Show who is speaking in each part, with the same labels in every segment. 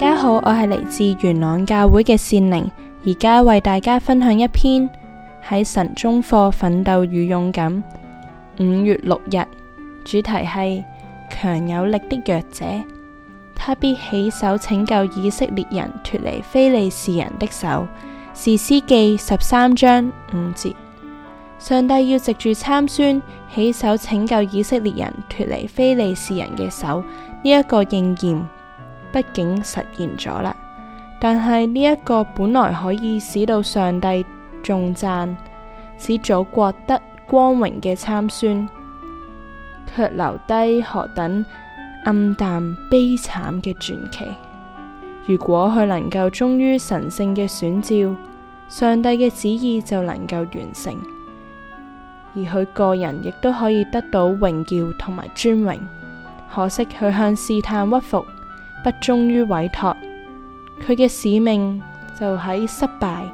Speaker 1: 大家好，我係嚟自元朗教會嘅善靈，而家為大家分享一篇喺神中課奮鬥與勇敢，五月六日，主題係強有力的弱者。他必起手拯救以色列人脫離非利士人的手，士師記十三章五節。上帝要藉住參孫起手拯救以色列人脫離非利士人嘅手，呢一個應驗。畢竟實現咗啦，但係呢一個本來可以使到上帝重讚，使祖國得光榮嘅參孫，卻留低何等暗淡悲慘嘅傳奇。如果佢能夠忠於神聖嘅選召，上帝嘅旨意就能夠完成，而佢個人亦都可以得到榮耀同埋尊榮。可惜佢向試探屈服。不忠於委託，佢嘅使命就喺失敗、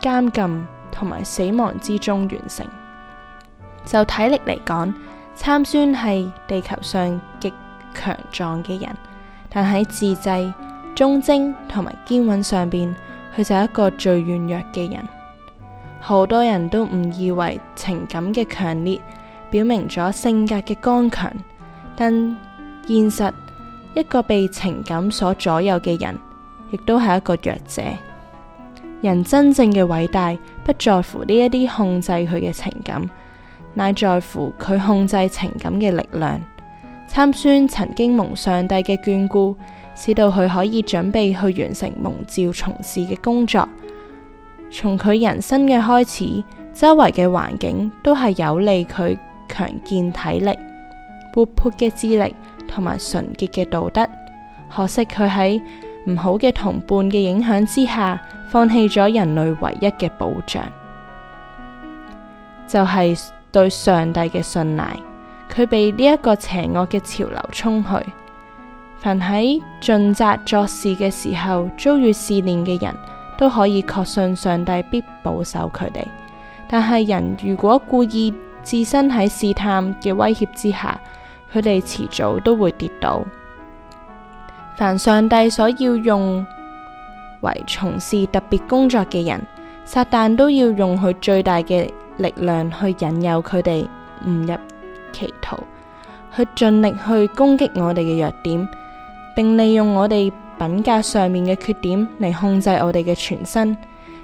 Speaker 1: 監禁同埋死亡之中完成。就體力嚟講，參孫係地球上極強壯嘅人，但喺自制、忠貞同埋堅穩上邊，佢就係一個最軟弱嘅人。好多人都誤以為情感嘅強烈表明咗性格嘅剛強，但現實。一個被情感所左右嘅人，亦都係一個弱者。人真正嘅偉大，不在乎呢一啲控制佢嘅情感，乃在乎佢控制情感嘅力量。參孫曾經蒙上帝嘅眷顧，使到佢可以準備去完成蒙召從事嘅工作。從佢人生嘅開始，周圍嘅環境都係有利佢強健體力、活潑嘅智力。同埋純潔嘅道德，可惜佢喺唔好嘅同伴嘅影響之下，放棄咗人類唯一嘅保障，就係對上帝嘅信賴。佢被呢一個邪惡嘅潮流沖去。凡喺盡責作事嘅時候遭遇試煉嘅人，都可以確信上帝必保守佢哋。但係人如果故意置身喺試探嘅威脅之下，佢哋遲早都會跌倒。凡上帝所要用為從事特別工作嘅人，撒旦都要用佢最大嘅力量去引誘佢哋誤入歧途，去盡力去攻擊我哋嘅弱點，並利用我哋品格上面嘅缺點嚟控制我哋嘅全身，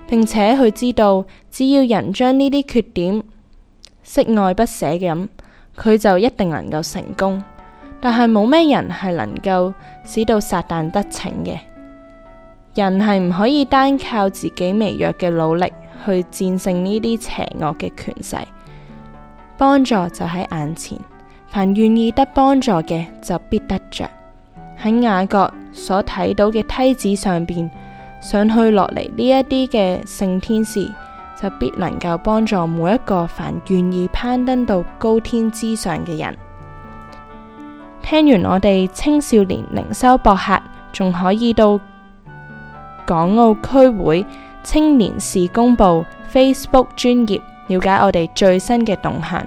Speaker 1: 並且佢知道，只要人將呢啲缺點惜愛不捨咁，佢就一定能夠成功，但係冇咩人係能夠使到撒旦得逞嘅。人係唔可以單靠自己微弱嘅努力去戰勝呢啲邪惡嘅權勢。幫助就喺眼前，凡願意得幫助嘅就必得着。喺雅各所睇到嘅梯子上邊，上去落嚟呢一啲嘅聖天使，就必能夠幫助每一個凡願意攀登到高天之上嘅人。聽完我哋青少年靈修博客，仲可以到港澳區會青年事工部 Facebook 專頁，了解我哋最新嘅動向。